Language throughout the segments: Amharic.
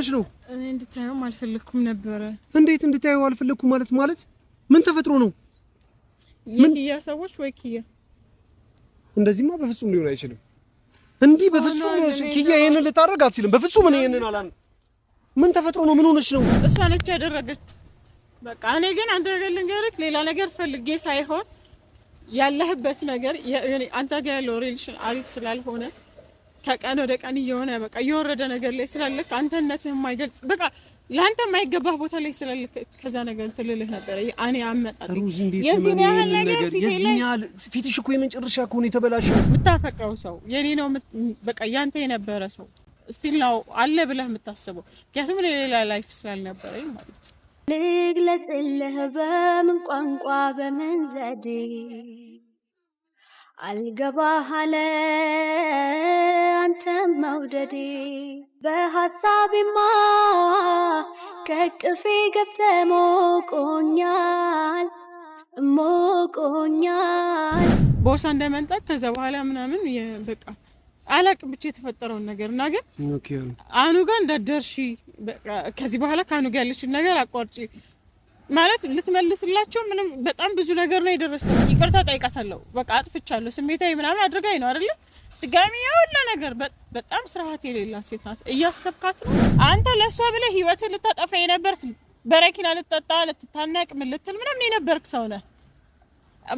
ሆነች ነው? እኔ እንድታየው አልፈለኩም ነበረ። እንዴት እንድታየው አልፈለኩም ማለት ማለት ምን ተፈጥሮ ነው? የኪያ ሰዎች ወይ ኪያ እንደዚህማ በፍጹም ሊሆን አይችልም። እንዲህ በፍጹም ነው ኪያ ይሄንን ልታደርግ አትችልም። በፍጹም እኔ ይሄንን አላልኩም። ምን ተፈጥሮ ነው? ምን ሆነሽ ነው? እሷ ነች ያደረገች። በቃ እኔ ግን አንድ ነገር ልንገርህ፣ ሌላ ነገር ፈልጌ ሳይሆን ያለህበት ነገር አንተ ጋር ያለው ሪሌሽን አሪፍ ስላልሆነ ከቀን ወደ ቀን እየሆነ በቃ እየወረደ ነገር ላይ ስላለክ አንተነትህ የማይገልጽ በቃ ለአንተ የማይገባህ ቦታ ላይ ስላለክ ከዛ ነገር ትልልህ ነበረ። እኔ አመጣጥ የዚህን ያህል ነገር ፊትሽ እኮ የመጨረሻ ከሆነ የተበላሸ የምታፈቅረው ሰው የኔ ነው በቃ ያንተ የነበረ ሰው ስቲል ነው አለ ብለህ የምታስበው ምክንያቱም ለሌላ ላይፍ ስላልነበረ ማለት ልግለጽልህ በምን ቋንቋ በምን ዘዴ አልገባህ አለ አንተም መውደዴ በሐሳቢማ ከቅፌ ገብተ ሞቆኛል ሞቆኛል ቦርሳ እንደመንጣት ከዛ በኋላ ምናምን በቃ አላቅ ብቻ የተፈጠረውን ነገር እና ግን አኑ ጋር እንዳደርሺ ከዚህ በኋላ ከአኑ ጋር ያለችን ነገር አቋርጪ ማለት ልትመልስላቸው ምንም በጣም ብዙ ነገር ነው የደረሰ። ይቅርታ ጠይቃታለሁ። በቃ አጥፍቻለሁ፣ ስሜታዊ ምናምን አድርጋኝ ነው አይደለ? ድጋሚ ያውላ ነገር በጣም ስርዓት የሌላ ሴት ናት። እያሰብካት ነው አንተ ለእሷ ብለህ ህይወትን ልታጠፋ የነበርክ በረኪና ልትጠጣ ልትታነቅ ምን ልትል ምናምን የነበርክ ሰው ነህ።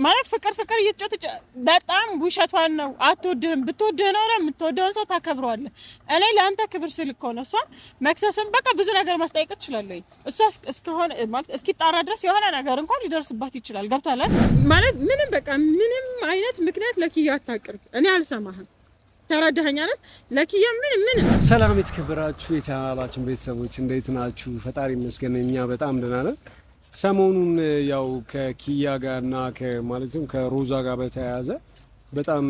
ማለት ፍቅር ፍቅር እየተጫወተች በጣም ውሸቷን ነው። አትወድህም። ብትወድህ ነው የምትወደውን ሰው ታከብረዋለህ። እኔ ለአንተ ክብር ስል እኮ ነው። እሷን መክሰስም በቃ ብዙ ነገር ማስጠየቅ ትችላለህ። እሷ እስከሆነ ማለት እስኪጣራ ድረስ የሆነ ነገር እንኳን ሊደርስባት ይችላል። ገብቶሃል ማለት ምንም በቃ ምንም አይነት ምክንያት ለኪያ አታቅርብ። እኔ አልሰማህም። ተረዳኸኛለን ለኪያ ምን ምን። ሰላም የተከበራችሁ የቻናላችን ቤተሰቦች እንዴት ናችሁ? ፈጣሪ ይመስገን እኛ በጣም ደህና ነን። ሰሞኑን ያው ከኪያ ጋር እና ማለትም ከሮዛ ጋር በተያያዘ በጣም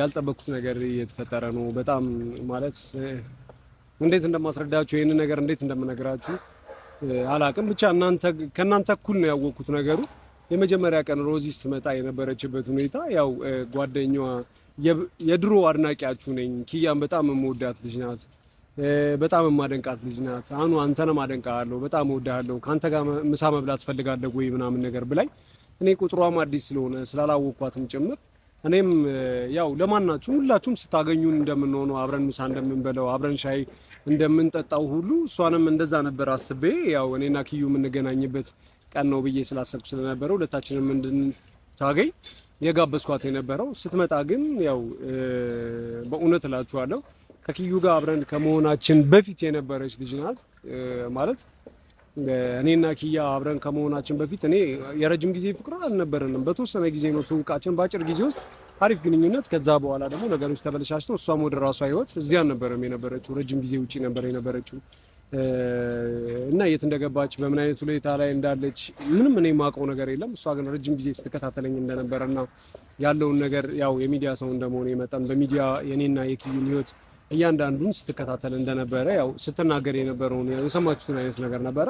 ያልጠበኩት ነገር እየተፈጠረ ነው። በጣም ማለት እንዴት እንደማስረዳችሁ ይህንን ነገር እንዴት እንደምነግራችሁ አላቅም። ብቻ ከእናንተ እኩል ነው ያወቅኩት ነገሩ። የመጀመሪያ ቀን ሮዚ ስትመጣ የነበረችበት ሁኔታ ያው ጓደኛዋ የድሮ አድናቂያችሁ ነኝ ኪያን በጣም የምወዳት ልጅ ናት በጣም የማደንቃት ልጅ ናት። አኑ አንተንም በጣም እወድሃለሁ፣ ከአንተ ጋር ምሳ መብላት ፈልጋለሁ ወይ ምናምን ነገር ብላኝ እኔ ቁጥሯም አዲስ ስለሆነ ስላላወቅኳትም ጭምር እኔም ያው ለማናችሁም ሁላችሁም ስታገኙን እንደምንሆነው አብረን ምሳ እንደምንበለው አብረን ሻይ እንደምንጠጣው ሁሉ እሷንም እንደዛ ነበር አስቤ ያው እኔና ክዩ የምንገናኝበት ቀን ነው ብዬ ስላሰብኩ ስለነበረ ሁለታችንም እንድንታገኝ የጋበዝኳት የነበረው ስትመጣ ግን ያው በእውነት እላችኋለሁ ከኪዩ ጋር አብረን ከመሆናችን በፊት የነበረች ልጅ ናት ማለት እኔና ኪያ አብረን ከመሆናችን በፊት እኔ የረጅም ጊዜ ፍቅር አልነበረንም። በተወሰነ ጊዜ ነው ትውቃችን፣ በአጭር ጊዜ ውስጥ አሪፍ ግንኙነት። ከዛ በኋላ ደግሞ ነገሮች ተበለሻሽተው እሷም ወደ ራሷ ህይወት እዚያ አልነበረም የነበረችው፣ ረጅም ጊዜ ውጭ ነበር የነበረችው እና የት እንደገባች በምን አይነት ሁኔታ ላይ እንዳለች ምንም እኔ የማውቀው ነገር የለም። እሷ ግን ረጅም ጊዜ ስትከታተለኝ እንደነበረ እና ያለውን ነገር ያው የሚዲያ ሰው እንደመሆነ የመጣን በሚዲያ የኔና የኪዩን ህይወት እያንዳንዱን ስትከታተል እንደነበረ ያው ስትናገር የነበረውን የሰማችሁትን አይነት ነገር ነበረ።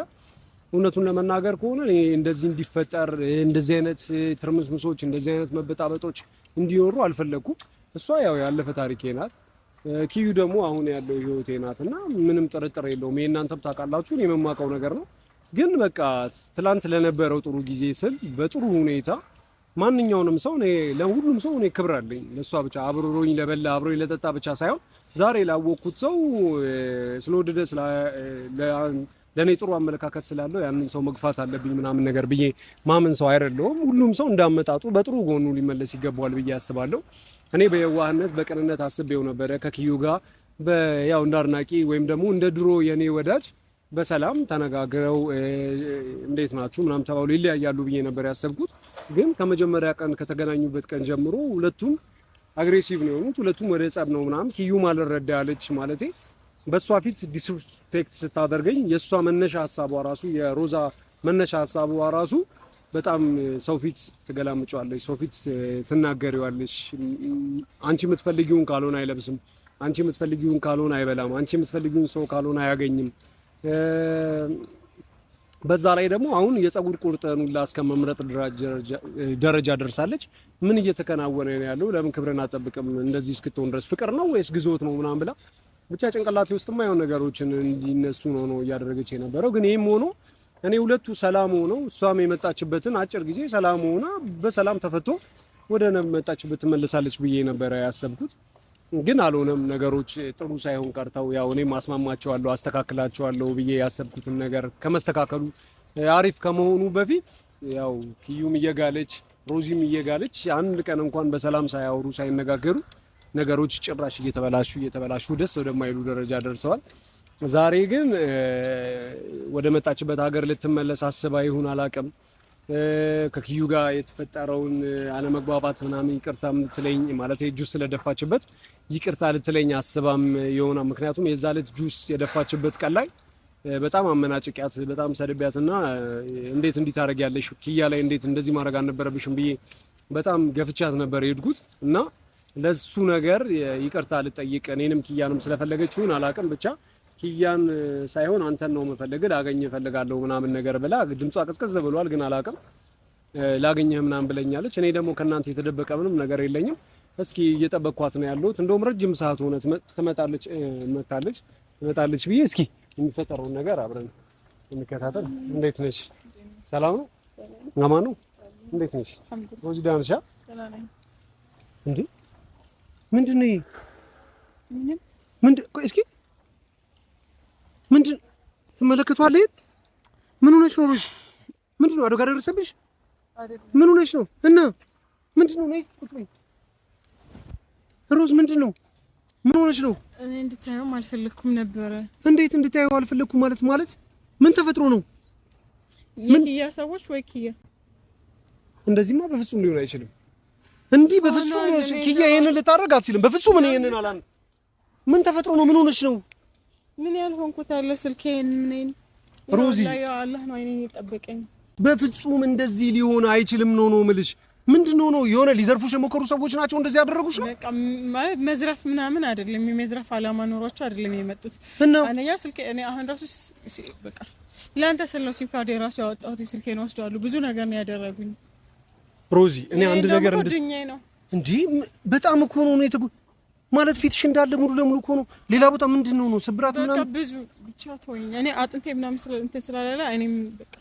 እውነቱን ለመናገር ከሆነ እንደዚህ እንዲፈጠር እንደዚህ አይነት ትርምስምሶች፣ እንደዚህ አይነት መበጣበጦች እንዲኖሩ አልፈለግኩም። እሷ ያው ያለፈ ታሪኬ ናት። ኪዩ ደግሞ አሁን ያለው ህይወቴ ናት እና ምንም ጥርጥር የለውም። የእናንተም ታውቃላችሁ የመማቀው ነገር ነው። ግን በቃ ትላንት ለነበረው ጥሩ ጊዜ ስል በጥሩ ሁኔታ ማንኛውንም ሰው ለሁሉም ሰው እኔ ክብር አለኝ። ለእሷ ብቻ አብሮኝ ለበላ አብሮኝ ለጠጣ ብቻ ሳይሆን ዛሬ ላወቅኩት ሰው ስለወደደ ለእኔ ጥሩ አመለካከት ስላለው ያንን ሰው መግፋት አለብኝ ምናምን ነገር ብዬ ማመን ሰው አይደለሁም። ሁሉም ሰው እንዳመጣጡ በጥሩ ጎኑ ሊመለስ ይገባዋል ብዬ አስባለሁ። እኔ በየዋህነት በቅንነት አስቤው ነበረ ከኪዩ ጋር ያው እንደ አድናቂ ወይም ደግሞ እንደ ድሮ የኔ ወዳጅ በሰላም ተነጋግረው እንዴት ናችሁ ምናምን ተባብሎ ይለያያሉ ብዬ ነበር ያሰብኩት። ግን ከመጀመሪያ ቀን ከተገናኙበት ቀን ጀምሮ ሁለቱም አግሬሲቭ ነው የሆኑት። ሁለቱም ወደ ጸብ ነው ምናምን ኪዩም አልረዳለች ያለች ማለቴ በእሷ ፊት ዲስፔክት ስታደርገኝ የእሷ መነሻ ሀሳቧ ራሱ የሮዛ መነሻ ሀሳቧ ራሱ በጣም ሰው ፊት ትገላምጫዋለች፣ ሰው ፊት ትናገሪዋለች። አንቺ የምትፈልጊውን ካልሆነ አይለብስም፣ አንቺ የምትፈልጊውን ካልሆነ አይበላም፣ አንቺ የምትፈልጊውን ሰው ካልሆነ አያገኝም በዛ ላይ ደግሞ አሁን የፀጉር ቁርጥን ሁላ እስከ መምረጥ ደረጃ ደርሳለች። ምን እየተከናወነ ነው ያለው? ለምን ክብርን አጠብቅም እንደዚህ እስክትሆን ድረስ ፍቅር ነው ወይስ ግዞት ነው ምናምን ብላ ብቻ ጭንቅላቴ ውስጥ የሆኑ ነገሮችን እንዲነሱ ነው ነው እያደረገች የነበረው። ግን ይህም ሆኖ እኔ ሁለቱ ሰላም ሆነው እሷም የመጣችበትን አጭር ጊዜ ሰላም ሆና በሰላም ተፈቶ ወደ መጣችበት ትመለሳለች ብዬ ነበረ ያሰብኩት። ግን አልሆነም። ነገሮች ጥሩ ሳይሆን ቀርተው ያው እኔ ማስማማቸዋለሁ፣ አስተካክላቸዋለሁ ብዬ ያሰብኩትን ነገር ከመስተካከሉ አሪፍ ከመሆኑ በፊት ያው ክዩም እየጋለች ሮዚም እየጋለች አንድ ቀን እንኳን በሰላም ሳያወሩ ሳይነጋገሩ ነገሮች ጭራሽ እየተበላሹ እየተበላሹ ደስ ወደማይሉ ደረጃ ደርሰዋል። ዛሬ ግን ወደ መጣችበት ሀገር ልትመለስ አስባ ይሁን አላቅም ከኪዩ ጋር የተፈጠረውን አለመግባባት ምናምን ይቅርታ ልትለኝ ማለት ጁስ ስለደፋችበት ይቅርታ ልትለኝ አስባም የሆና ምክንያቱም የዛ ዕለት ጁስ የደፋችበት ቀን ላይ በጣም አመናጭቂያት በጣም ሰድቢያት እና እንዴት እንዲህ ታደርጊያለሽ ክያ ላይ እንዴት እንደዚህ ማድረግ አልነበረብሽም ብዬ በጣም ገፍቻት ነበር የሄድኩት እና ለሱ ነገር ይቅርታ ልጠይቅ እኔንም ክያንም ስለፈለገችውን አላቅም ብቻ ኪያን ሳይሆን አንተን ነው የምፈልግህ ላገኝ እፈልጋለሁ ምናምን ነገር ብላ ድምጿ ቅዝቅዝ ብሏል፣ ግን አላውቅም ላገኘህ ምናምን ብለኛለች። እኔ ደግሞ ከእናንተ የተደበቀ ምንም ነገር የለኝም። እስኪ እየጠበቅኳት ነው ያለሁት። እንደውም ረጅም ሰዓት ሆነ ትመጣለች መታለች ትመጣለች ብዬ እስኪ የሚፈጠረውን ነገር አብረን እንከታተል። እንዴት ነሽ? ሰላም ነው? አማን ነው? እንዴት ነሽ? ወጅዳንሻ እንዴ ምንድን ነው? ምንድን እስኪ ምንድን ትመለከቷለህ? ምን ሆነሽ ነው? ልጅ ምንድን ነው? አደጋ ደረሰብሽ? ምን ሆነሽ ነው? እና ምንድን ነው? ነይስ ቁጥሪ ሮዝ፣ ምንድን ነው? ምን ሆነሽ ነው? እኔ እንድታየው አልፈለኩም ነበረ። እንዴት እንድታየው አልፈለኩም ማለት ማለት ምን ተፈጥሮ ነው? የኪያ ሰዎች ወይ ኪያ፣ እንደዚህማ በፍጹም ሊሆን አይችልም። እንዲህ በፍጹም ኪያ ይሄንን ልታደርግ አትችልም። በፍጹም እኔ ይሄንን አላም። ምን ተፈጥሮ ነው? ምን ሆነሽ ነው? ምን ያልሆንኩት አለ ስልኬን ምንን ሮዚ አላህ ነው አይኔን የጠበቀኝ። በፍጹም እንደዚህ ሊሆን አይችልም። ነው ነው ምልሽ ምንድን ነው ነው የሆነ ሊዘርፉሽ የሞከሩ ሰዎች ናቸው እንደዚህ ያደረጉሽ ነው። በቃ መዝረፍ ምናምን አይደለም፣ የመዝረፍ አላማ ኖሯቸው አይደለም የመጡት። አንደኛ ስልኬ እኔ አሁን ራሱ በቃ ለአንተ ስል ነው ሲም ካርድ የራሱ ያወጣሁት ስልኬን ወስደዋሉ። ብዙ ነገር ነው ያደረጉኝ ሮዚ። እኔ አንድ ነገር እንድትኝ ነው እንዴ በጣም እኮ ነው ነው ማለት ፊትሽ እንዳለ ሙሉ ለሙሉ እኮ ነው። ሌላ ቦታ ምንድን ነው ነው ስብራት ምናምን ብዙ ብቻ ተወኝ። እኔ አጥንቴ ምናምን ስለ ስላላለ እኔም በቃ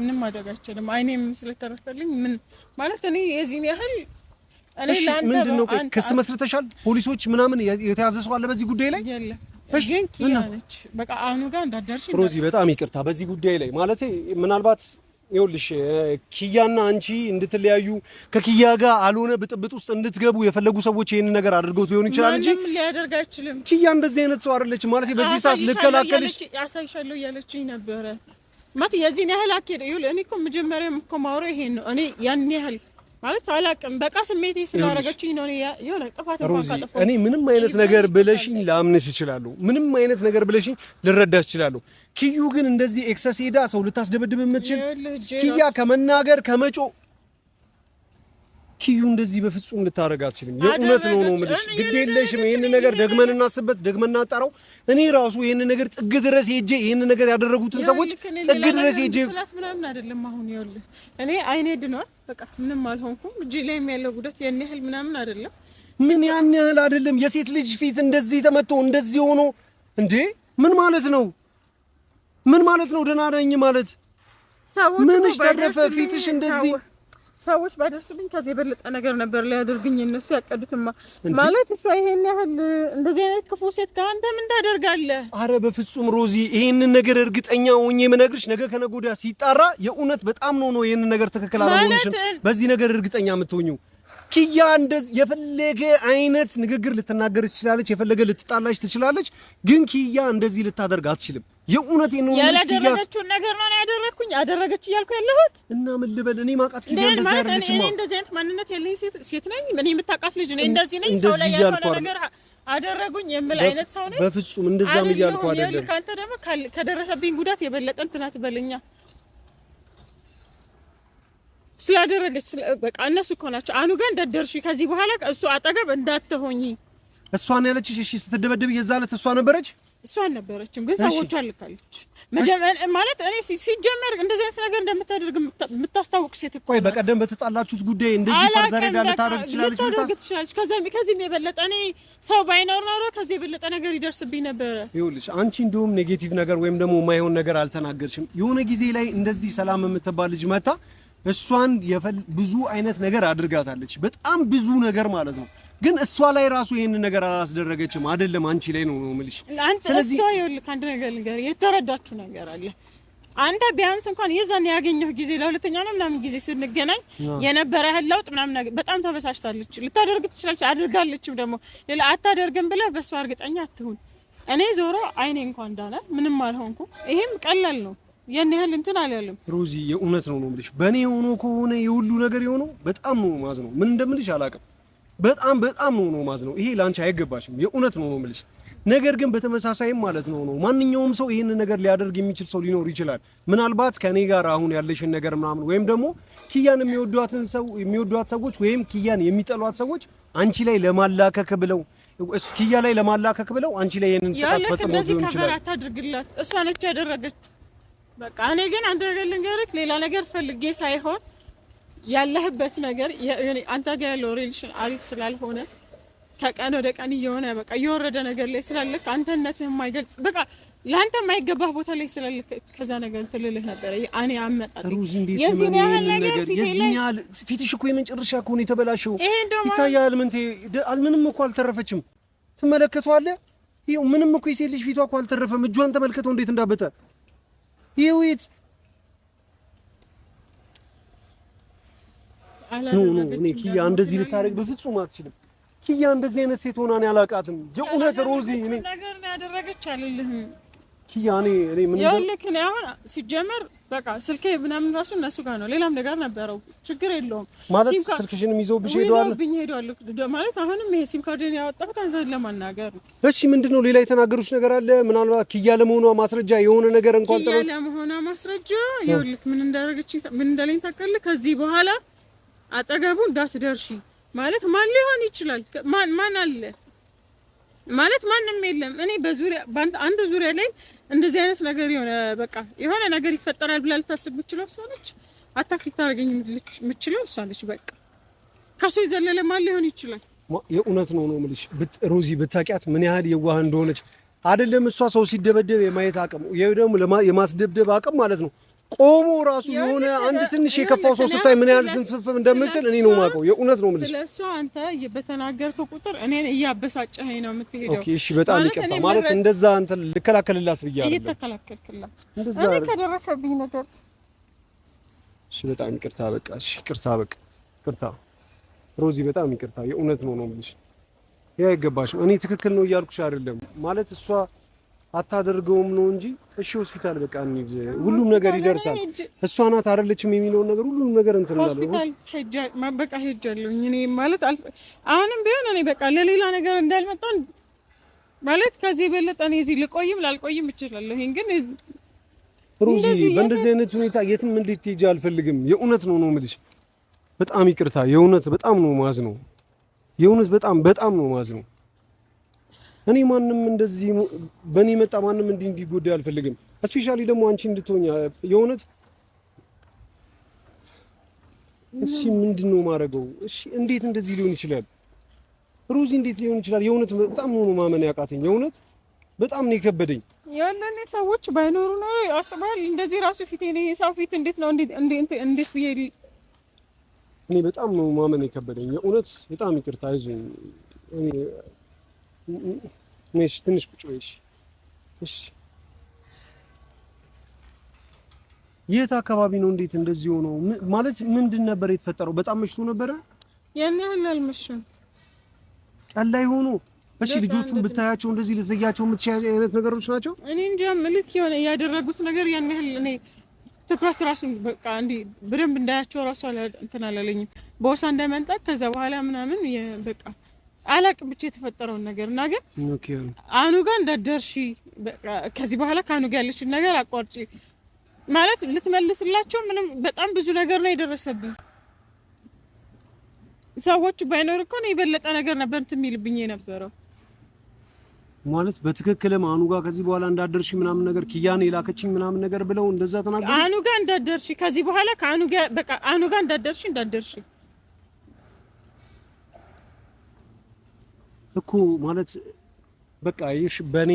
ምንም ማድረግ አይቻልም። አይኔም ስለተረፈልኝ ምን ማለት እኔ የዚህን ያህል ምንድን ነው ክስ መስርተሻል? ፖሊሶች ምናምን የተያዘ ሰው አለ በዚህ ጉዳይ ላይ? ግን ኪያ በቃ አሁኑ ጋር እንዳደርሽ ሮዚ፣ በጣም ይቅርታ በዚህ ጉዳይ ላይ ማለት ምናልባት ይኸውልሽ ኪያና አንቺ እንድትለያዩ ከኪያ ጋር አልሆነ ብጥብጥ ውስጥ እንድትገቡ የፈለጉ ሰዎች ይህን ነገር አድርገው ሊሆን ይችላል እንጂ ሊያደርግ አይችልም። ኪያ እንደዚህ አይነት ሰው አይደለች ማለት በዚህ ሰዓት ልከላከልሽ አሳይሻለሁ እያለችኝ ነበረ ማለት የዚህን ያህል አኬደ። ይኸውልህ እኔ እኮ መጀመሪያም እኮ ማውራው ይሄን ነው እኔ ያን ያህል ማለት አላውቅም። በቃ ስሜቴ ስላደረገችኝ ነው። የሆነ ጥፋት ሮዚ፣ እኔ ምንም አይነት ነገር ብለሽኝ ላምንሽ እችላለሁ። ምንም አይነት ነገር ብለሽኝ ልረዳሽ እችላለሁ። ኪዩ ግን እንደዚህ ኤክሰስ ሄዳ ሰው ልታስደበድብ የምትችል ኪያ ከመናገር ከመጮ ኪዩ እንደዚህ በፍጹም ልታደርግ አትችልም። የእውነት ነው ነው የምልሽ። ግድ የለሽም። ይህን ነገር ደግመን እናስበት፣ ደግመን እናጠራው። እኔ ራሱ ይህን ነገር ጥግ ድረስ ሄጄ ይህን ነገር ያደረጉትን ሰዎች ጥግ ድረስ ሄጄ ላስ ምናምን አይደለም። አሁን ይኸውልህ እኔ አይኔ ድኗል፣ በቃ ምንም አልሆንኩም። እጄ ላይም ያለው ጉዳት ያን ያህል ምናምን አይደለም። ምን ያን ያህል አይደለም። የሴት ልጅ ፊት እንደዚህ ተመቶ እንደዚህ ሆኖ እንዴ! ምን ማለት ነው? ምን ማለት ነው? ደህና ነኝ ማለት ምንሽ ተረፈ? ፊትሽ እንደዚህ ሰዎች ባይደርሱልኝ ከዚህ የበለጠ ነገር ነበር ሊያደርግኝ እነሱ ያቀዱትማ። ማለት እሷ ይሄን ያህል እንደዚህ አይነት ክፉ ሴት ከአንተ ምን ታደርጋለህ? አረ በፍጹም ሮዚ፣ ይሄንን ነገር እርግጠኛ ሆኜ የምነግርሽ ነገ ከነገ ወዲያ ሲጣራ የእውነት በጣም ነው ነው ይሄንን ነገር ትክክል አለመሆንሽም በዚህ ነገር እርግጠኛ የምትሆኙ ኪያ እንደዚህ የፈለገ አይነት ንግግር ልትናገር ትችላለች፣ የፈለገ ልትጣላች ትችላለች። ግን ኪያ እንደዚህ ልታደርግ አትችልም። የእውነት ነው። ያላደረገችውን ነገር ነው ያደረግኩኝ አደረገች እያልኩ ያለሁት እና ምን ልበል እኔ ማቃት ኪያ እንደዚህ ያደረገች ነው። እንደዚህ አይነት ማንነት የለኝ ሴት ሴት ነኝ እኔ የምታውቃት ልጅ ነኝ። እንደዚህ ነኝ ሰው ላይ ያለው ነገር አደረጉኝ የምል አይነት ሰው ነኝ። በፍጹም እንደዛም እያልኩ አይደለም። ካንተ ደግሞ ከደረሰብኝ ጉዳት የበለጠ እንትና ትበልኛ ስላደረገች በቃ እነሱ እኮ ናቸው። አኑ ጋር እንዳትደርሺ ከዚህ በኋላ እሱ አጠገብ እንዳትሆኝ። እሷን ያለችሽ እሺ፣ ስትደበደብ የዛ ዕለት እሷ ነበረች እሷ አልነበረችም፣ ግን ሰዎቿ ልካለች። ማለት እኔ ሲጀመር እንደዚህ አይነት ነገር እንደምታደርግ የምታስታውቅ ሴት እኮ። ቆይ በቀደም በተጣላችሁት ጉዳይ እንደዚህ ፈርዘረዳ ልታደርግ ትችላለች። ከዚህም የበለጠ እኔ ሰው ባይኖር ኖሮ ከዚህ የበለጠ ነገር ይደርስብኝ ነበረ። ይኸውልሽ አንቺ እንዲሁም ኔጌቲቭ ነገር ወይም ደግሞ የማይሆን ነገር አልተናገርሽም። የሆነ ጊዜ ላይ እንደዚህ ሰላም የምትባል ልጅ መታ እሷን ብዙ አይነት ነገር አድርጋታለች። በጣም ብዙ ነገር ማለት ነው። ግን እሷ ላይ ራሱ ይሄንን ነገር አላስደረገችም። አይደለም አንቺ ላይ ነው የምልሽ። ስለዚህ እሷ አንድ ነገር ልንገርህ፣ የተረዳችሁ ነገር አለ አንተ ቢያንስ እንኳን የዛን ያገኘህ ጊዜ ለሁለተኛ ነው ምናምን ጊዜ ስንገናኝ የነበረ ያህል ለውጥ ምናምን ነገር በጣም ተበሳሽታለች። ልታደርግ ትችላለች፣ አድርጋለችም ደግሞ ሌላ አታደርግም ብለህ በእሷ እርግጠኛ አትሁን። እኔ ዞሮ አይኔ እንኳን ዳነ፣ ምንም አልሆንኩም። ይሄም ቀላል ነው። ያን ያህል እንትን አላለም ሮዚ። የእውነት ነው ነው የምልሽ። በእኔ ሆኖ ከሆነ የሁሉ ነገር የሆነው በጣም ነው ማዝ ነው። ምን እንደምልሽ አላውቅም። በጣም በጣም ነው ነው ማዝ ነው። ይሄ ላንቺ አይገባሽም። የእውነት ነው ነው ምልሽ ነገር ግን በተመሳሳይም ማለት ነው ነው ማንኛውም ሰው ይህንን ነገር ሊያደርግ የሚችል ሰው ሊኖር ይችላል። ምናልባት ከኔ ጋር አሁን ያለሽን ነገር ምናምን ወይም ደግሞ ኪያን የሚወዷትን ሰው የሚወዷት ሰዎች ወይም ኪያን የሚጠሏት ሰዎች አንቺ ላይ ለማላከክ ብለው ኪያ ላይ ለማላከክ ብለው አንቺ ላይ ይህንን ጥቃት ፈጽመው ሊሆን ይችላል። እሷ ነች ያደረገችው። በቃ እኔ ግን አንድ ነገር ልንገርህ፣ ሌላ ነገር ፈልጌ ሳይሆን ያለህበት ነገር አንተ ጋር ያለው ሪሌሽን አሪፍ ስላልሆነ ከቀን ወደ ቀን እየሆነ በቃ እየወረደ ነገር ላይ ስላለህ አንተነትህ የማይገልጽ በቃ ለአንተ የማይገባህ ቦታ ላይ ስላለህ ከዛ ነገር ትልልህ ልልህ ነበረ። እኔ አመጣጥ የዚህን ያህል ነገር የዚህን ያህል ፊትሽ እኮ የመጨረሻ ከሆነ የተበላሸው ይታያል። ምን አልምንም እኮ አልተረፈችም። ትመለከቷለህ። ይኸው ምንም እኮ የሴት ልጅ ፊቷ እኮ አልተረፈም። እጇን ተመልከተው እንዴት እንዳበጠ ይዊት ኖ ኖ፣ እኔ ኪያ እንደዚህ ልታደርግ በፍጹም አትችልም። ኪያ እንደዚህ አይነት ሴት ሆና ነው ያላቃትም። የእውነት ሮዚ እኔ ነገር ነው ያደረገች አልልህም ኪያ እኔ እኔ ምን ያልክ እኔ አሁን ሲጀመር በቃ ስልኬ ምናምን ራሱ እነሱ ጋር ነው። ሌላም ነገር ነበረው ችግር የለውም ማለት ስልክሽንም ይዘውብሽ ሄደዋል ብኝ ሄደዋል ማለት አሁንም ይሄ ሲም ካርድን ያወጣሁት አንተን ለማናገር ነው። እሺ ምንድን ነው ሌላ የተናገሩች ነገር አለ? ምናልባት ኪያ ለመሆኗ ማስረጃ የሆነ ነገር እንኳን ኪያ ለመሆኗ ማስረጃ ይኸውልህ፣ ምን እንዳደረገች ምን እንዳለኝ ታውቃለህ? ከዚህ በኋላ አጠገቡ እንዳትደርሺ ማለት ማን ሊሆን ይችላል? ማን ማን አለ ማለት ማንም የለም። እኔ በዙሪያ አንተ ዙሪያ ላይ እንደዚህ አይነት ነገር የሆነ በቃ የሆነ ነገር ይፈጠራል ብላ ልታስብ ምችለው እሷ ነች። አታክ ልታደርገኝ ምችለው እሷ ነች። በቃ ከሱ የዘለለ ማን ሊሆን ይችላል? የእውነት ነው ነው የምልሽ ሮዚ፣ ብታውቂያት ምን ያህል የዋህ እንደሆነች አይደለም። እሷ ሰው ሲደበደብ የማየት አቅም ይሄ ደግሞ የማስደብደብ አቅም ማለት ነው ቆሞ ራሱ የሆነ አንድ ትንሽ የከፋው ሰው ስታይ ምን ያህል ስንፍፍ እንደምችል እኔ ነው የማውቀው። የእውነት ነው የምልሽ። ስለሱ አንተ በተናገርክ ቁጥር እኔን እያበሳጨኸኝ ነው የምትሄደው። ኦኬ እሺ፣ በጣም ይቅርታ ማለት እንደዛ አንተ ልከላከልላት ብዬ አይደለም እየተከላከልክላት እንደዛ እኔ ከደረሰብኝ ነገር። እሺ፣ በጣም ይቅርታ። በቃ እሺ፣ ይቅርታ። በቃ ይቅርታ ሮዚ፣ በጣም ይቅርታ። የእውነት ነው ነው የምልሽ። ይሄ አይገባሽም። እኔ ትክክል ነው እያልኩሽ አይደለም ማለት እሷ አታደርገውም ነው እንጂ። እሺ ሆስፒታል በቃ እንሂድ፣ ሁሉም ነገር ይደርሳል። እሷ ናት አይደለችም የሚለውን ነገር ሁሉም ነገር እንትን እላለሁ። ሆስፒታል ሄጃ በቃ ሄጃለሁ። እኔ ማለት አሁንም ቢሆን እኔ በቃ ለሌላ ነገር እንዳልመጣ ማለት ከዚህ የበለጠ እኔ እዚህ ልቆይም ላልቆይም እችላለሁ። ይሄን ግን ሩዚ በእንደዚህ አይነት ሁኔታ የትም እንዴት እንድትሄጂ አልፈልግም። የእውነት ነው ነው የምልሽ። በጣም ይቅርታ፣ የእውነት በጣም ነው ማዝ ነው። የእውነት በጣም በጣም ነው ማዝ ነው። እኔ ማንም እንደዚህ በእኔ መጣ ማንም እንዲህ እንዲጎዳ አልፈልግም። እስፔሻሊ ደግሞ አንቺ እንድትሆኛ የእውነት እሺ፣ ምንድን ነው ማድረገው? እሺ፣ እንዴት እንደዚህ ሊሆን ይችላል? ሮዚ እንዴት ሊሆን ይችላል? የእውነት በጣም ሆኖ ማመን ያቃተኝ የእውነት በጣም ነው የከበደኝ። ያለን ሰዎች ባይኖሩ ነው አስባል እንደዚህ ራሱ ፊት ነው የሰው ፊት እንዴት ነው እንዴት እንዴት ብዬ እኔ በጣም ነው ማመን የከበደኝ የእውነት በጣም ይቅርታ አይዞኝ እኔ እሺ፣ ትንሽ ቁጭ በይ። እሺ፣ የት አካባቢ ነው? እንዴት እንደዚህ ሆኖ ማለት ምንድን ነበር የተፈጠረው? በጣም መሽቶ ነበረ? ያን ያህል አልመሸም፣ ቀን ላይ ሆኖ። እሺ፣ ልጆቹን ብታያቸው እንደዚህ ልትለያቸው የምትሻይ አይነት ነገሮች ናቸው? እኔ እንጃ፣ ምልክ የሆነ ያደረጉት ነገር ያን ያህል እኔ ትኩረት ራሱ በቃ እንዲህ በደንብ እንዳያቸው ራሱ እንትን አላለኝም። ቦርሳ እንደመንጣት ከዛ በኋላ ምናምን በቃ አላቅም ብቻ የተፈጠረውን ነገር እና ግን አኑ ጋር እንዳትደርሺ ከዚህ በኋላ ከአኑ ጋር ያለችን ነገር አቋርጪ ማለት ልትመልስላቸው ምንም በጣም ብዙ ነገር ነው የደረሰብኝ። ሰዎች ባይኖር እኮ ነው የበለጠ ነገር ነበር እንትን የሚልብኝ የነበረው። ማለት በትክክልም አኑ ጋር ከዚህ በኋላ እንዳትደርሺ ምናምን ነገር ኪያን የላከችኝ ምናምን ነገር ብለው እንደዛ ተናገሩ። አኑ ጋር እንዳትደርሺ ከዚህ በኋላ ከአኑ ጋር በቃ አኑ ጋር እኮ ማለት በቃ ይሽ በእኔ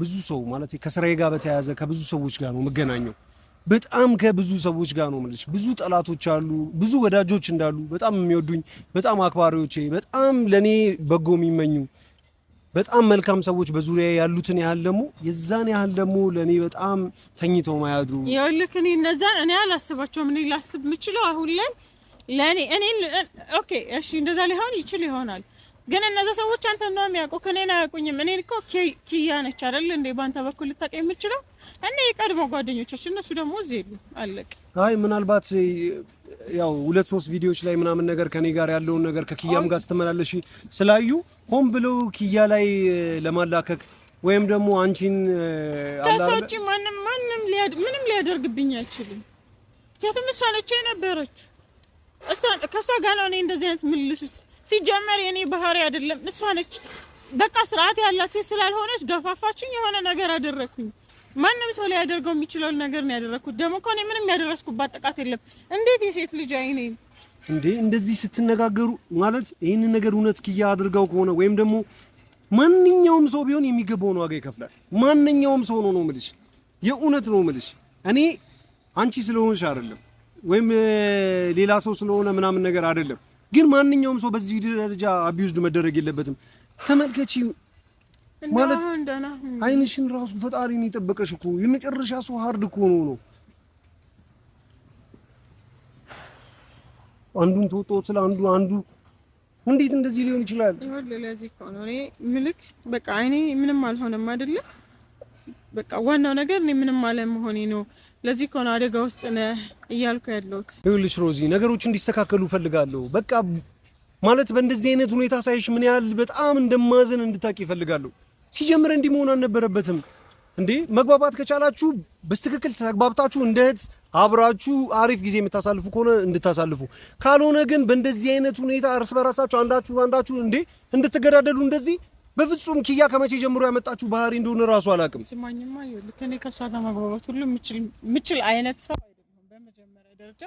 ብዙ ሰው ማለት ከስራዬ ጋር በተያያዘ ከብዙ ሰዎች ጋር ነው የምገናኘው። በጣም ከብዙ ሰዎች ጋር ነው የምልሽ። ብዙ ጠላቶች አሉ፣ ብዙ ወዳጆች እንዳሉ፣ በጣም የሚወዱኝ፣ በጣም አክባሪዎች፣ በጣም ለእኔ በጎ የሚመኙ በጣም መልካም ሰዎች በዙሪያ ያሉትን ያህል ደግሞ የዛን ያህል ደግሞ ለእኔ በጣም ተኝተው ማያድሩ ይኸውልህ፣ እኔ እነዛን እኔ አላስባቸውም። እኔ ላስብ የምችለው አሁን ላይ ለእኔ እኔ ኦኬ፣ እሺ፣ እንደዛ ሊሆን ይችል ይሆናል ግን እነዛ ሰዎች አንተ ነው የሚያውቁ ከኔን አያውቁኝም። እኔ እኮ ኪያ ነች አይደል እንዴ? ባንተ በኩል ልታውቅ የምችለው እኔ የቀድሞ ጓደኞቻችን እነሱ ደግሞ እዚህ የሉ አለቅ። አይ ምናልባት ያው ሁለት ሶስት ቪዲዮዎች ላይ ምናምን ነገር ከኔ ጋር ያለውን ነገር ከኪያም ጋር ስትመላለሽ ስላዩ ሆን ብለው ኪያ ላይ ለማላከክ ወይም ደግሞ አንቺን ከሰዎች ማንም ማንም ምንም ሊያደርግብኝ አይችልም። ምክንያቱም እሷ እሷ ከእሷ ጋር ነው እኔ እንደዚህ አይነት ምልልስ ውስጥ ሲጀመር የኔ ባህሪ አይደለም። እሷ ነች በቃ ስርዓት ያላት ሴት ስላልሆነች ገፋፋችኝ፣ የሆነ ነገር አደረግኩኝ። ማንም ሰው ሊያደርገው የሚችለውን ነገር ነው ያደረግኩት። ደግሞ እኮ እኔ ምንም ያደረስኩባት ጥቃት የለም። እንዴት የሴት ልጅ አይኔ እንዴ እንደዚህ ስትነጋገሩ ማለት ይህን ነገር እውነት ክያ አድርገው ከሆነ ወይም ደግሞ ማንኛውም ሰው ቢሆን የሚገባውን ዋጋ ይከፍላል። ማንኛውም ሰው ነው ነው ምልሽ፣ የእውነት ነው ምልሽ። እኔ አንቺ ስለሆንሽ አይደለም ወይም ሌላ ሰው ስለሆነ ምናምን ነገር አይደለም ግን ማንኛውም ሰው በዚህ ደረጃ አቢውዝድ መደረግ የለበትም። ተመልከቺ ማለት አይንሽን ራሱ ፈጣሪን ነው የጠበቀሽ እኮ የመጨረሻ ሰው ሀርድ እኮ ነው ነው አንዱን ተወጣው ስለ አንዱ አንዱ እንዴት እንደዚህ ሊሆን ይችላል? ይኸውልህ ለዚህ እኮ ነው እኔ ምልክ በቃ እኔ ምንም አልሆነም አይደለም በቃ ዋናው ነገር እኔ ምንም መሆኔ ነው። ለዚህ ከሆነ አደጋ ውስጥ ነህ እያልኩ ያለሁት። ይኸውልሽ ሮዚ፣ ነገሮች እንዲስተካከሉ እፈልጋለሁ። በቃ ማለት በእንደዚህ አይነት ሁኔታ ሳይሽ ምን ያህል በጣም እንደማዘን እንድታቂ እፈልጋለሁ። ሲጀምር እንዲህ መሆን አልነበረበትም እንዴ። መግባባት ከቻላችሁ በስትክክል ተግባብታችሁ እንደ እህት አብራችሁ አሪፍ ጊዜ የምታሳልፉ ከሆነ እንድታሳልፉ፣ ካልሆነ ግን በእንደዚህ አይነት ሁኔታ እርስ በራሳችሁ አንዳችሁ አንዳችሁ እንዴ እንድትገዳደሉ እንደዚህ በፍጹም ኪያ ከመቼ ጀምሮ ያመጣችሁ ባህሪ እንደሆነ ራሱ አላውቅም። ስማኝማ ይኸውልህ ከእኔ ከእሷ ጋር መግባባት ሁሉ የምችል አይነት ሰው አይደለም በመጀመሪያ ደረጃ።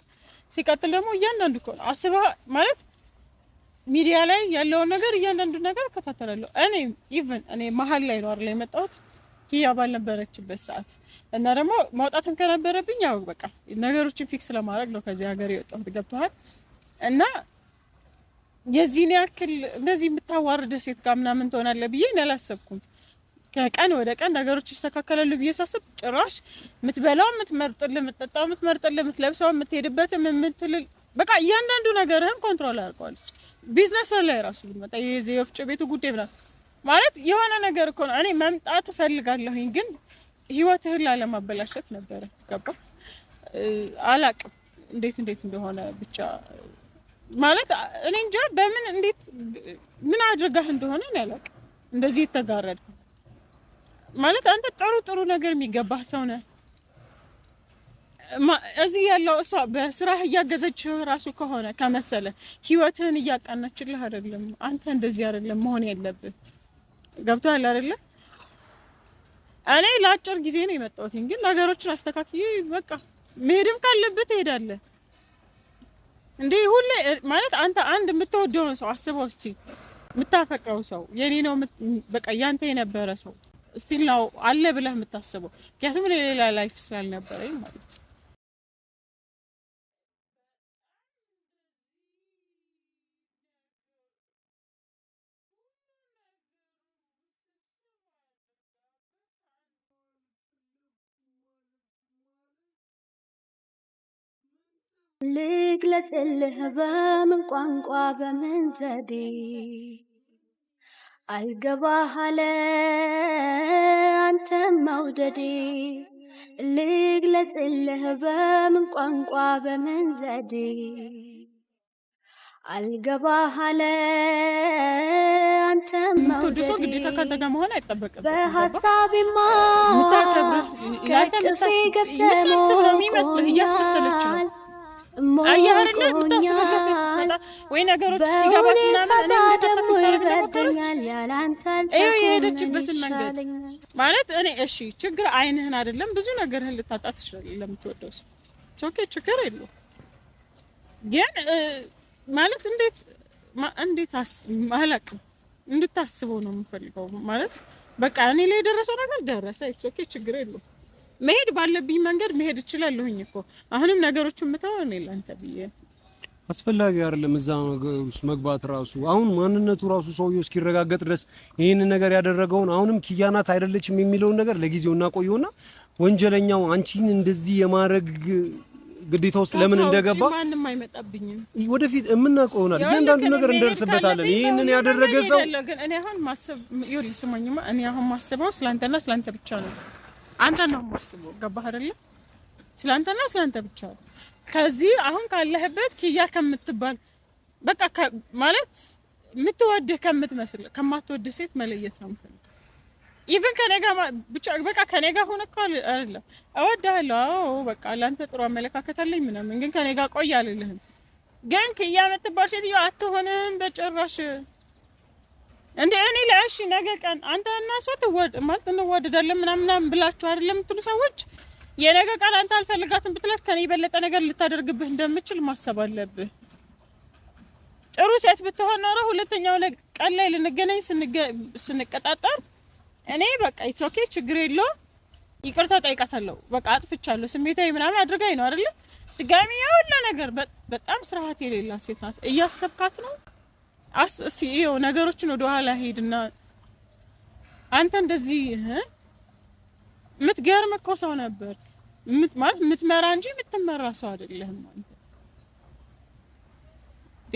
ሲቀጥል ደግሞ እያንዳንዱ እኮ አስባ ማለት ሚዲያ ላይ ያለውን ነገር እያንዳንዱ ነገር እከታተላለሁ። እኔ ኢቭን እኔ መሀል ላይ ነው አይደል የመጣሁት ኪያ ባልነበረችበት ሰዓት እና ደግሞ ማውጣትም ከነበረብኝ ያው በቃ ነገሮችን ፊክስ ለማድረግ ነው ከዚህ ሀገር የወጣሁት ገብቶሃል እና የዚህን ያክል እንደዚህ የምታዋርደ ሴት ጋር ምናምን ትሆናለህ ብዬ አላሰብኩም። ከቀን ወደ ቀን ነገሮች ይስተካከላሉ ብዬ ሳስብ ጭራሽ የምትበላው የምትመርጥል፣ የምትጠጣው የምትመርጥል፣ የምትለብሰው፣ የምትሄድበትም የምትልል በቃ እያንዳንዱ ነገርህን ኮንትሮል አድርገዋለች። ቢዝነስ ላይ ራሱ ብንመጣ የዚህ የወፍጮ ቤቱ ጉዳይ ምናምን ማለት የሆነ ነገር እኮ ነው። እኔ መምጣት እፈልጋለሁኝ ግን ህይወትህን ላለማበላሸት ነበረ ገባ አላቅም እንዴት እንዴት እንደሆነ ብቻ ማለት እኔ እንጃ በምን እንዴት ምን አድርጋህ እንደሆነ እኔ አላውቅም። እንደዚህ የተጋረድኩ ማለት አንተ ጥሩ ጥሩ ነገር የሚገባህ ሰው ነህ። እዚህ ያለው እሷ በስራህ እያገዘችህ ራሱ ከሆነ ከመሰለ ህይወትህን እያቃናችልህ አይደለም። አንተ እንደዚህ አይደለም መሆን ያለብህ። ገብቶሃል አይደለ? እኔ ለአጭር ጊዜ ነው የመጣሁት፣ ግን ነገሮችን አስተካክዬ በቃ መሄድም ካለብህ ትሄዳለህ እንዴ ሁሌ ማለት አንተ አንድ የምትወደውን ሰው አስበው እስቲ የምታፈቅረው ሰው የኔ ነው በቃ ያንተ የነበረ ሰው እስቲ ነው አለ ብለህ የምታስበው ምክንያቱም ሌላ ላይፍ ስላልነበረ ማለት ነው ልግለጽልህ በምን ቋንቋ በምን ዘዴ አልገባህ አለ አንተም መውደዴ ልግለጽልህ በምን ቋንቋ በምን ዘዴ አልገባህ አለ አንተም መውደዴ ግዴታ ካንተ ጋር መሆን አይጠበቅም። በሀሳቢማ ከቅፌ ገብተህ ሞቆኛል ወይ ነገሮች ሲገባት የሄደችበትን መንገድ ማለት እኔ እሺ ችግር አይንህን አይደለም ብዙ ነገርህን ልታጣ ትችላለህ። ለምትወደው ሰው ኦኬ ችግር የለውም። ግን ማለት እንዴት እንዴት አላውቅም እንድታስበው ነው የምፈልገው። ማለት በቃ እኔ ላይ የደረሰው ነገር ደረሰ። ኦኬ ችግር የለውም። መሄድ ባለብኝ መንገድ መሄድ እችላለሁኝ እኮ አሁንም ነገሮቹ የምተወው እኔ ላንተ ብዬ አስፈላጊ አይደለም። እዛ ውስጥ መግባት ራሱ አሁን ማንነቱ ራሱ ሰውየው እስኪረጋገጥ ድረስ ይህን ነገር ያደረገውን አሁንም ኪያናት አይደለችም የሚለውን ነገር ለጊዜው እናቆየውና ወንጀለኛው አንቺን እንደዚህ የማድረግ ግዴታ ውስጥ ለምን እንደገባ ማንም አይመጣብኝም። ወደፊት የምናውቀው ይሆናል። እያንዳንዱ ነገር እንደርስበታለን። ይህንን ያደረገ ሰው ግን እኔ አሁን ማሰብ ይኸውልህ፣ እኔ አሁን ማስበው ስላንተና ስላንተ ብቻ ነው። አንተ ነው የማስበው። ገባህ አይደለ? ስለአንተና ስለአንተ ብቻ ከዚህ አሁን ካለህበት ኪያ ከምትባል በቃ ማለት የምትወድህ ከምትመስል ከማትወድህ ሴት መለየት ነው የምፈልገው። ኢቭን ከኔ ጋር ብቻ በቃ ከኔ ጋር ሆነህ እኮ አይደለም እወድሃለሁ፣ አዎ በቃ ለአንተ ጥሩ አመለካከት አለኝ ምናምን፣ ግን ከኔ ጋር ቆይ አልልህም። ግን ኪያ የምትባል ሴትዮ አትሆንም በጭራሽ። እንደ እኔ ላይ እሺ፣ ነገ ቀን አንተ እና እሷ ትወድ ማለት እንወደዳለን ምናምን ምናምን ብላችሁ አይደለም የምትሉ ሰዎች የነገ ቀን አንተ አልፈልጋትም ብትላት ከኔ የበለጠ ነገር ልታደርግብህ እንደምችል ማሰብ አለብህ። ጥሩ ሴት ብትሆን ኖሮ ሁለተኛው ቀን ላይ ልንገናኝ ስንቀጣጠር እኔ በቃ ኢትስ ኦኬ ችግር የለው ይቅርታ ጠይቃታለሁ። በቃ አጥፍቻለሁ ስሜታዊ ምናምን አድርጋኝ ነው አይደለ? ድጋሚ ያውላ ነገር በጣም ስርዓት የሌላት ሴት ናት። እያሰብካት ነው አስ እስቲ ይኸው ነገሮችን ወደ ኋላ ሄድና አንተ እንደዚህ የምትገርም እኮ ሰው ነበር። ማለት የምትመራ እንጂ የምትመራ ሰው አይደለህም አንተ።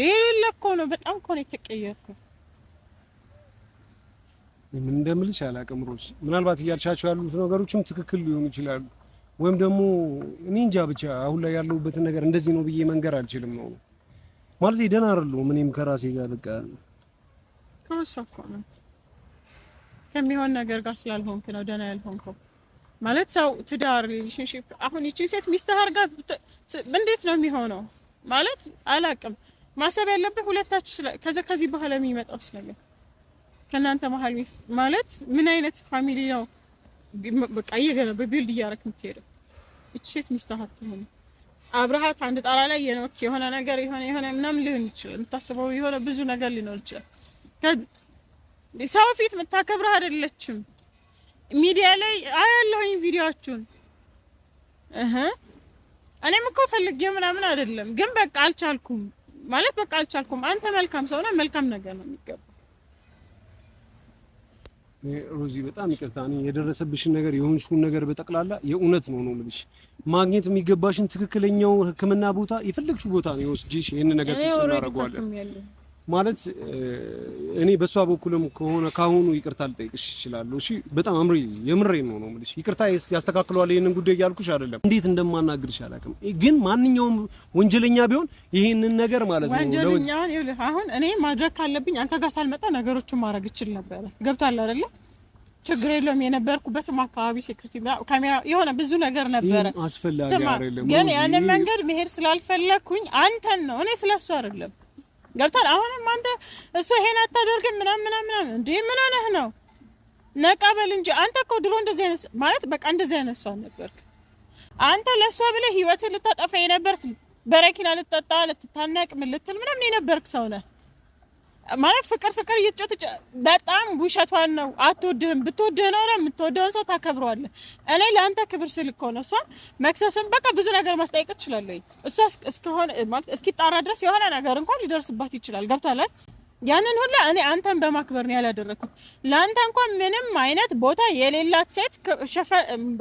የሌለ እኮ ነው። በጣም እኮ ነው የተቀየርከው። ምን እንደምልሽ አላውቅም ሮስ። ምናልባት እያልሻቸው ያሉት ነገሮችም ትክክል ሊሆኑ ይችላሉ፣ ወይም ደግሞ እኔ እንጃ። ብቻ አሁን ላይ ያለሁበትን ነገር እንደዚህ ነው ብዬ መንገር አልችልም ነው ማለት ደህና አይደለሁም። እኔም ከራሴ ጋር በቃ ከወሳ ነው ከሚሆን ነገር ጋር ስላልሆንክ ነው ደህና ያልሆንከው። ማለት ሰው ትዳር፣ ሪሌሽንሺፕ አሁን ይቺ ሴት ሚስትህ አድርጋ እንዴት ነው የሚሆነው? ማለት አላቅም። ማሰብ ያለብህ ሁለታችሁ ከዚህ ከዚህ በኋላ የሚመጣው ስለሚል ከእናንተ መሀል ማለት ምን አይነት ፋሚሊ ነው በቃ እየገነባ በቢልድ እያደረክ የምትሄደው? ይቺ ሴት ሚስትህ አትሆንም። አብረሃት አንድ ጣራ ላይ የኖክ የሆነ ነገር የሆነ የሆነ ምናምን ሊሆን ይችላል። የምታስበው የሆነ ብዙ ነገር ሊኖር ይችላል። ሰው ፊት የምታከብረህ አይደለችም። ሚዲያ ላይ አያለሁኝ ቪዲዮዎቹን እ እኔም እኮ ፈልጌ ምናምን አይደለም፣ ግን በቃ አልቻልኩም ማለት በቃ አልቻልኩም። አንተ መልካም ሰው ነህ፣ መልካም ነገር ነው የሚገባ ሮዚ በጣም ይቅርታ እኔ የደረሰብሽን ነገር የሆንሽውን ነገር በጠቅላላ የእውነት ነው ነው የምልሽ። ማግኘት የሚገባሽን ትክክለኛው ሕክምና ቦታ የፈለግሽው ቦታ ነው የወስጂሽ። ይህን ነገር ፊክስ እናደርገዋለን። ማለት እኔ በእሷ በኩልም ከሆነ ካሁኑ ይቅርታ ልጠይቅሽ ይችላሉ። እሺ በጣም አምሪ የምሬ ነው ነው የምልሽ። ይቅርታ ያስተካክለዋል ይህንን ጉዳይ እያልኩሽ አይደለም። እንዴት እንደማናግርሽ አላውቅም፣ ግን ማንኛውም ወንጀለኛ ቢሆን ይህንን ነገር ማለት ነው ወንጀለኛ አሁን እኔ ማድረግ ካለብኝ አንተ ጋር ሳልመጣ ነገሮችን ማድረግ ይችል ነበረ። ገብቷል አይደለ? ችግር የለውም። የነበርኩበትም አካባቢ ሴኩሪቲ ካሜራ የሆነ ብዙ ነገር ነበረ። ስማ ግን ያንን መንገድ መሄድ ስላልፈለግኩኝ አንተን ነው እኔ ስለሱ አይደለም ገብቷል። አሁንም አንተ እሱ ይሄን አታደርግም ምናምን ምናምን እንዴ ምን ሆነህ ነው? ነቀበል እንጂ አንተ እኮ ድሮ እንደዚህ አይነት ማለት በቃ እንደዚህ አይነት ሰው ነበርክ አንተ። ለእሷ ብለህ ህይወትን ልታጠፋ የነበርክ በረኪና ልትጠጣ ልትታነቅ ምን ልትል ምናምን የነበርክ ሰው ነህ። ማለት ፍቅር ፍቅር እየተጫወተች በጣም ውሸቷን ነው። አትወድህም። ብትወድህ ነው የምትወደውን ሰው ታከብረዋለህ። እኔ ለአንተ ክብር ስል እኮ ነው። እሷን መክሰስም በቃ ብዙ ነገር ማስጠየቅ ትችላለህ። እሷ እስከሆነ ማለት እስኪጣራ ድረስ የሆነ ነገር እንኳን ሊደርስባት ይችላል። ገብቶሃል? ያንን ሁላ እኔ አንተን በማክበር ነው ያላደረግኩት። ለአንተ እንኳን ምንም አይነት ቦታ የሌላት ሴት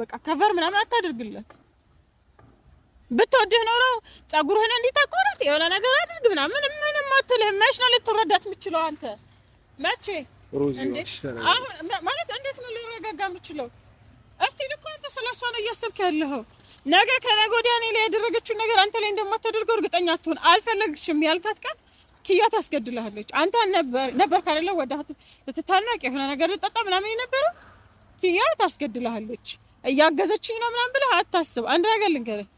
በቃ ከቨር ምናምን አታደርግለት ብትወድህ ኖሮ ጸጉርህን እንዲጠቆረት የሆነ ነገር አድርግ ምናምን ምንም አትልህም። መች ነው ልትረዳት የምችለው አንተ? መቼ ማለት እንዴት ነው ሊረጋጋ የምችለው? እስቲ ልኮ አንተ ስለ እሷ ነው እያሰብክ ያለኸው። ነገ ከነገ ወዲያ እኔ ላይ ያደረገችውን ነገር አንተ ላይ እንደማታደርገው እርግጠኛ አትሆን። አልፈለግሽም ያልካት ቀን ኪያ ታስገድልሃለች። አንተ ነበር ካለለ ወዳት ልትታነቅ የሆነ ነገር ልጠጣ ምናምን የነበረው ኪያ ታስገድልሃለች። እያገዘችኝ ነው ምናምን ብለህ አታስብ። አንድ ነገር ልንገርህ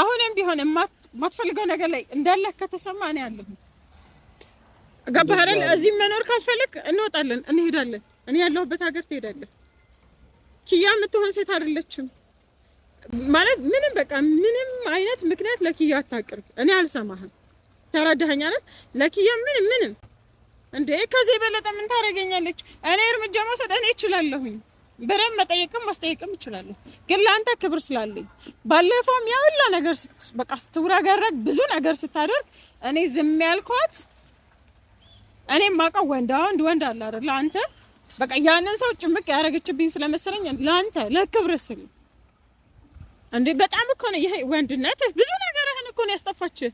አሁንም ቢሆን የማትፈልገው ነገር ላይ እንዳለህ ከተሰማ እኔ አለሁ። ገባህ አይደል? እዚህ መኖር ካልፈለግ እንወጣለን፣ እንሄዳለን። እኔ ያለሁበት ሀገር ትሄዳለህ። ኪያ የምትሆን ሴት አይደለችም ማለት ምንም በቃ ምንም አይነት ምክንያት ለኪያ አታቅርብ። እኔ አልሰማህም። ተረዳኸኝ አይደል? ለኪያ ምንም ምንም እንዴ፣ ከዚህ የበለጠ ምን ታደርገኛለች? እኔ እርምጃ መውሰድ እኔ እችላለሁኝ። በደንብ መጠየቅም ማስጠየቅም እችላለሁ። ግን ለአንተ ክብር ስላለኝ ባለፈውም ያ ሁላ ነገር በቃ ስትውረገረግ ብዙ ነገር ስታደርግ እኔ ዝም ያልኳት እኔ ማውቀው ወንድ አንድ ወንድ አለ አይደል አንተ በቃ ያንን ሰው ጭምቅ ያደረገችብኝ ስለመሰለኝ ለአንተ ለክብር ስል እንዴ በጣም እኮ ነው ይሄ ወንድነት። ብዙ ነገርህን እኮ ነው ያስጠፋችህ።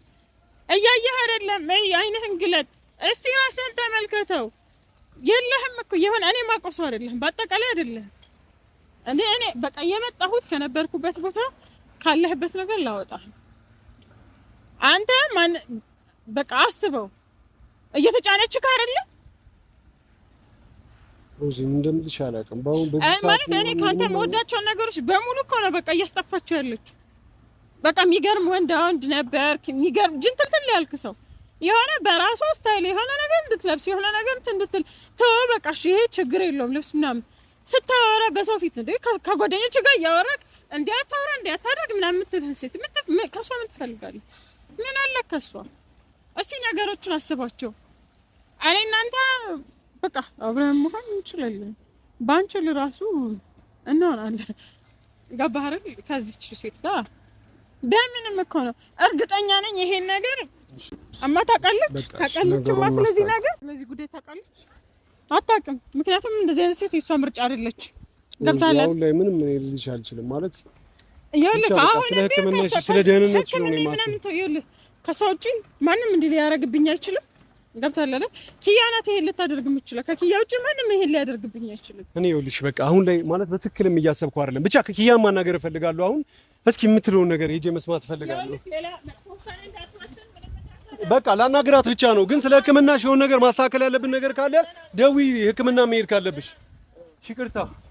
እያየህ አይደለም? አይንህን ግለጥ እስቲ ራስህን ተመልከተው። የለህም እኮ የሆነ እኔ ማቆሶ አይደለህም፣ በአጠቃላይ አይደለህም። እኔ እኔ በቃ የመጣሁት ከነበርኩበት ቦታ ካለህበት ነገር ላወጣ አንተ ማን በቃ አስበው እየተጫነች ካረለ ሮዚ እንደምልሽ አላውቅም። በአሁን በዚህ ሰዓት ማለት እኔ ካንተ መወዳቸውን ነገሮች በሙሉ እኮ ነው በቃ እያስጠፋቸው ያለችው። በቃ የሚገርም ወንድ አንድ ነበር፣ የሚገርም ጅንትልትል ያልክ ሰው የሆነ በራሷ ስታይል የሆነ ነገር እንድትለብስ የሆነ ነገር እንድትል ተወ፣ በቃ እሺ፣ ይሄ ችግር የለውም ልብስ ምናምን ስታወራ በሰው ፊት እንደ ከጓደኞች ጋር እያወራክ እንዲያታወራ እንዲያታደርግ ምናምን የምትልህን ሴት ከእሷ ምን ትፈልጋለህ? ምን አለ ከእሷ? እስቲ ነገሮችን አስባቸው። እኔ እናንተ በቃ አብረን መሆን እንችላለን። ባንችል ራሱ እንሆናለን። ገባህ አይደል? ከዚች ሴት ጋር በምንም እኮ ነው እርግጠኛ ነኝ ይሄን ነገር እማ ታውቃለች ታውቃለችማ። ስለዚህ ነገር ስለዚህ ጉዳይ ታውቃለች አታውቅም። ምክንያቱም እንደዚህ አይነት ሴት የእሷ ምርጫ አይደለች። ገብታለች። አሁን ላይ ምንም እኔ ልልሽ አልችልም ማለት ይኸውልህ፣ ውጪ ማንም እንዲህ ሊያደርግብኝ አይችልም። ገብታለለ ኪያ ናት ይሄን ልታደርግ የምችለው። ከኪያ ውጭ ማንም ይሄን ሊያደርግብኝ አይችልም። እኔ ይኸውልሽ በቃ አሁን ላይ ማለት በትክክልም እያሰብኩ አይደለም። ብቻ ከኪያ ማናገር እፈልጋለሁ። አሁን እስኪ የምትለውን ነገር ሄጄ መስማት እፈልጋለሁ። በቃ ላናግራት ብቻ ነው። ግን ስለ ህክምና ሲሆን ነገር ማስተካከል ያለብን ነገር ካለ ደዊ ሕክምና መሄድ ካለብሽ ይቅርታ